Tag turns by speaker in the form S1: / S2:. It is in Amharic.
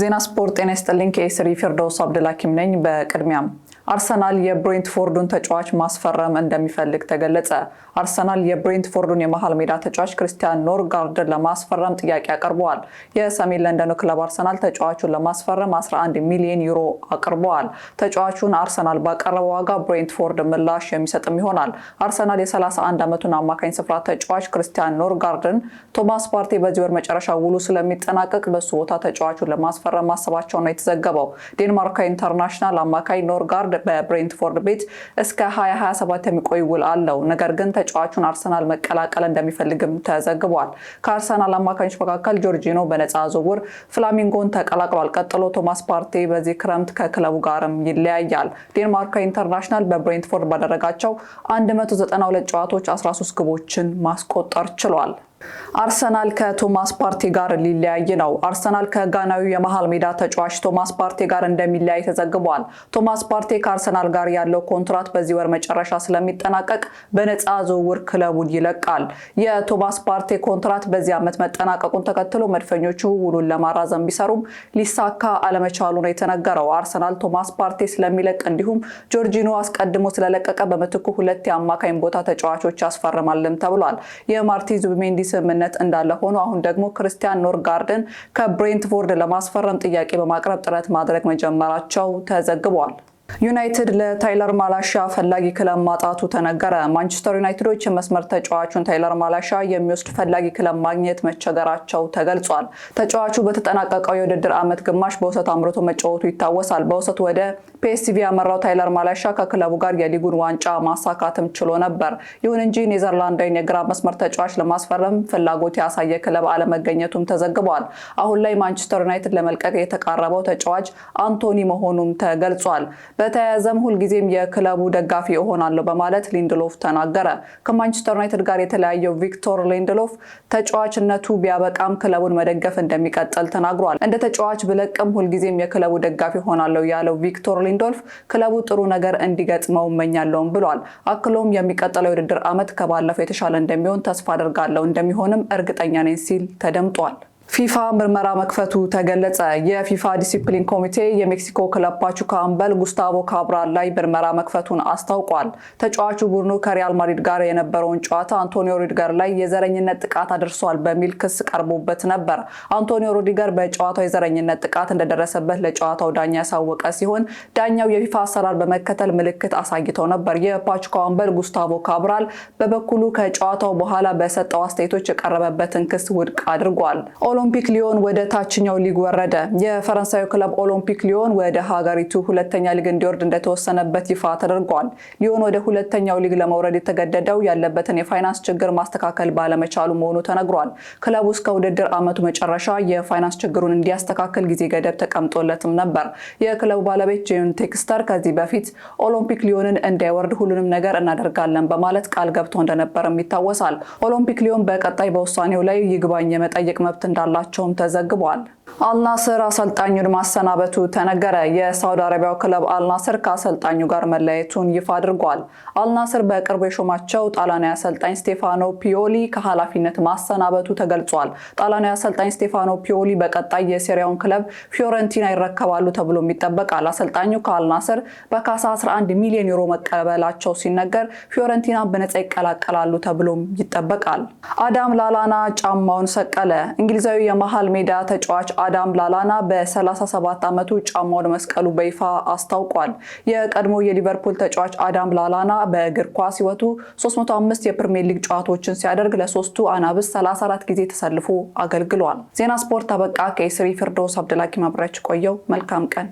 S1: ዜና ስፖርት ጤና ይስጥልኝ። ከኤስሪ ፊርዶስ አብደላኪም ነኝ። በቅድሚያም አርሰናል የብሬንትፎርዱን ተጫዋች ማስፈረም እንደሚፈልግ ተገለጸ። አርሰናል የብሬንትፎርዱን የመሃል ሜዳ ተጫዋች ክርስቲያን ኖርጋርድን ለማስፈረም ጥያቄ አቅርበዋል። የሰሜን ለንደኑ ክለብ አርሰናል ተጫዋቹን ለማስፈረም 11 ሚሊዮን ዩሮ አቅርበዋል። ተጫዋቹን አርሰናል ባቀረበው ዋጋ ብሬንትፎርድ ምላሽ የሚሰጥም ይሆናል። አርሰናል የ31 ዓመቱን አማካኝ ስፍራ ተጫዋች ክርስቲያን ኖርጋርድን ቶማስ ፓርቴ በዚህ ወር መጨረሻ ውሉ ስለሚጠናቀቅ በሱ ቦታ ተጫዋቹን ለማስ ለማስፈረም ማሰባቸው ነው የተዘገበው። ዴንማርካ ኢንተርናሽናል አማካይ ኖርጋርድ በብሬንትፎርድ ቤት እስከ 2027 የሚቆይ ውል አለው። ነገር ግን ተጫዋቹን አርሰናል መቀላቀል እንደሚፈልግም ተዘግቧል። ከአርሰናል አማካኞች መካከል ጆርጂኖ በነፃ ዝውውር ፍላሚንጎን ተቀላቅሏል። ቀጥሎ ቶማስ ፓርቴ በዚህ ክረምት ከክለቡ ጋርም ይለያያል። ዴንማርካ ኢንተርናሽናል በብሬንትፎርድ ባደረጋቸው 192 ጨዋታዎች 13 ግቦችን ማስቆጠር ችሏል። አርሰናል ከቶማስ ፓርቴ ጋር ሊለያይ ነው። አርሰናል ከጋናዊ የመሃል ሜዳ ተጫዋች ቶማስ ፓርቴ ጋር እንደሚለያይ ተዘግቧል። ቶማስ ፓርቴ ከአርሰናል ጋር ያለው ኮንትራት በዚህ ወር መጨረሻ ስለሚጠናቀቅ በነፃ ዝውውር ክለቡን ይለቃል። የቶማስ ፓርቴ ኮንትራት በዚህ ዓመት መጠናቀቁን ተከትሎ መድፈኞቹ ውሉን ለማራዘም ቢሰሩም ሊሳካ አለመቻሉ ነው የተነገረው። አርሰናል ቶማስ ፓርቲ ስለሚለቅ እንዲሁም ጆርጂኖ አስቀድሞ ስለለቀቀ በምትኩ ሁለት የአማካኝ ቦታ ተጫዋቾች ያስፈርማልም ተብሏል። የማርቲን ዙቢሜንዲ ስምምነት እንዳለ ሆኖ አሁን ደግሞ ክርስቲያን ኖርጋርድን ከብሬንትፎርድ ለማስፈረም ጥያቄ በማቅረብ ጥረት ማድረግ መጀመራቸው ተዘግቧል። ዩናይትድ ለታይለር ማላሻ ፈላጊ ክለብ ማጣቱ ተነገረ። ማንቸስተር ዩናይትዶች የመስመር ተጫዋቹን ታይለር ማላሻ የሚወስድ ፈላጊ ክለብ ማግኘት መቸገራቸው ተገልጿል። ተጫዋቹ በተጠናቀቀው የውድድር ዓመት ግማሽ በውሰት አምርቶ መጫወቱ ይታወሳል። በውሰት ወደ ፒኤስቪ ያመራው ታይለር ማላሻ ከክለቡ ጋር የሊጉን ዋንጫ ማሳካትም ችሎ ነበር። ይሁን እንጂ ኔዘርላንዳዊን የግራ መስመር ተጫዋች ለማስፈረም ፍላጎት ያሳየ ክለብ አለመገኘቱም ተዘግቧል። አሁን ላይ ማንቸስተር ዩናይትድ ለመልቀቅ የተቃረበው ተጫዋች አንቶኒ መሆኑም ተገልጿል። በተያያዘም ሁልጊዜም የክለቡ ደጋፊ እሆናለሁ በማለት ሊንድሎፍ ተናገረ። ከማንቸስተር ዩናይትድ ጋር የተለያየው ቪክቶር ሊንድሎፍ ተጫዋችነቱ ቢያበቃም ክለቡን መደገፍ እንደሚቀጥል ተናግሯል። እንደ ተጫዋች ብለቅም ሁልጊዜም የክለቡ ደጋፊ እሆናለሁ ያለው ቪክቶር ሊንዶልፍ ክለቡ ጥሩ ነገር እንዲገጥመው እመኛለሁም ብሏል። አክሎም የሚቀጥለው የውድድር ዓመት ከባለፈው የተሻለ እንደሚሆን ተስፋ አድርጋለሁ እንደሚሆንም እርግጠኛ ነኝ ሲል ተደምጧል። ፊፋ ምርመራ መክፈቱ ተገለጸ። የፊፋ ዲሲፕሊን ኮሚቴ የሜክሲኮ ክለብ ፓቹካ አምበል ጉስታቮ ካብራል ላይ ምርመራ መክፈቱን አስታውቋል። ተጫዋቹ ቡድኑ ከሪያል ማድሪድ ጋር የነበረውን ጨዋታ አንቶኒዮ ሩዲገር ላይ የዘረኝነት ጥቃት አድርሷል በሚል ክስ ቀርቦበት ነበር። አንቶኒዮ ሩዲገር በጨዋታው የዘረኝነት ጥቃት እንደደረሰበት ለጨዋታው ዳኛ ያሳወቀ ሲሆን ዳኛው የፊፋ አሰራር በመከተል ምልክት አሳይተው ነበር። የፓቹካ አምበል ጉስታቮ ካብራል በበኩሉ ከጨዋታው በኋላ በሰጠው አስተያየቶች የቀረበበትን ክስ ውድቅ አድርጓል። ኦሎምፒክ ሊዮን ወደ ታችኛው ሊግ ወረደ። የፈረንሳዩ ክለብ ኦሎምፒክ ሊዮን ወደ ሀገሪቱ ሁለተኛ ሊግ እንዲወርድ እንደተወሰነበት ይፋ ተደርጓል። ሊዮን ወደ ሁለተኛው ሊግ ለመውረድ የተገደደው ያለበትን የፋይናንስ ችግር ማስተካከል ባለመቻሉ መሆኑ ተነግሯል። ክለቡ እስከ ውድድር ዓመቱ መጨረሻ የፋይናንስ ችግሩን እንዲያስተካክል ጊዜ ገደብ ተቀምጦለትም ነበር። የክለቡ ባለቤት ጄን ቴክስተር ከዚህ በፊት ኦሎምፒክ ሊዮንን እንዳይወርድ ሁሉንም ነገር እናደርጋለን በማለት ቃል ገብቶ እንደነበርም ይታወሳል። ኦሎምፒክ ሊዮን በቀጣይ በውሳኔው ላይ ይግባኝ የመጠየቅ መብት እንዳለ መዋላቸውም ተዘግቧል። አልናስር አሰልጣኙን ማሰናበቱ ተነገረ። የሳውዲ አረቢያው ክለብ አልናስር ከአሰልጣኙ ጋር መለያየቱን ይፋ አድርጓል። አልናስር በቅርብ የሾማቸው ጣሊያናዊ አሰልጣኝ ስቴፋኖ ፒዮሊ ከኃላፊነት ማሰናበቱ ተገልጿል። ጣሊያናዊ አሰልጣኝ ስቴፋኖ ፒዮሊ በቀጣይ የሴሪያውን ክለብ ፊዮረንቲና ይረከባሉ ተብሎም ይጠበቃል። አሰልጣኙ ከአልናስር በካሳ 11 ሚሊዮን ዩሮ መቀበላቸው ሲነገር ፊዮረንቲና በነጻ ይቀላቀላሉ ተብሎም ይጠበቃል። አዳም ላላና ጫማውን ሰቀለ። እንግሊዛዊ የመሃል ሜዳ ተጫዋች አዳም ላላና በ37 ዓመቱ ጫማውን መስቀሉ በይፋ አስታውቋል። የቀድሞ የሊቨርፑል ተጫዋች አዳም ላላና በእግር ኳስ ሕይወቱ 305 የፕሪሚየር ሊግ ጨዋታዎችን ሲያደርግ ለሶስቱ አናብስ 34 ጊዜ ተሰልፎ አገልግሏል። ዜና ስፖርት አበቃ። ከኤስሪ ፍርዶስ አብደላኪ ማብሪያች ቆየው። መልካም ቀን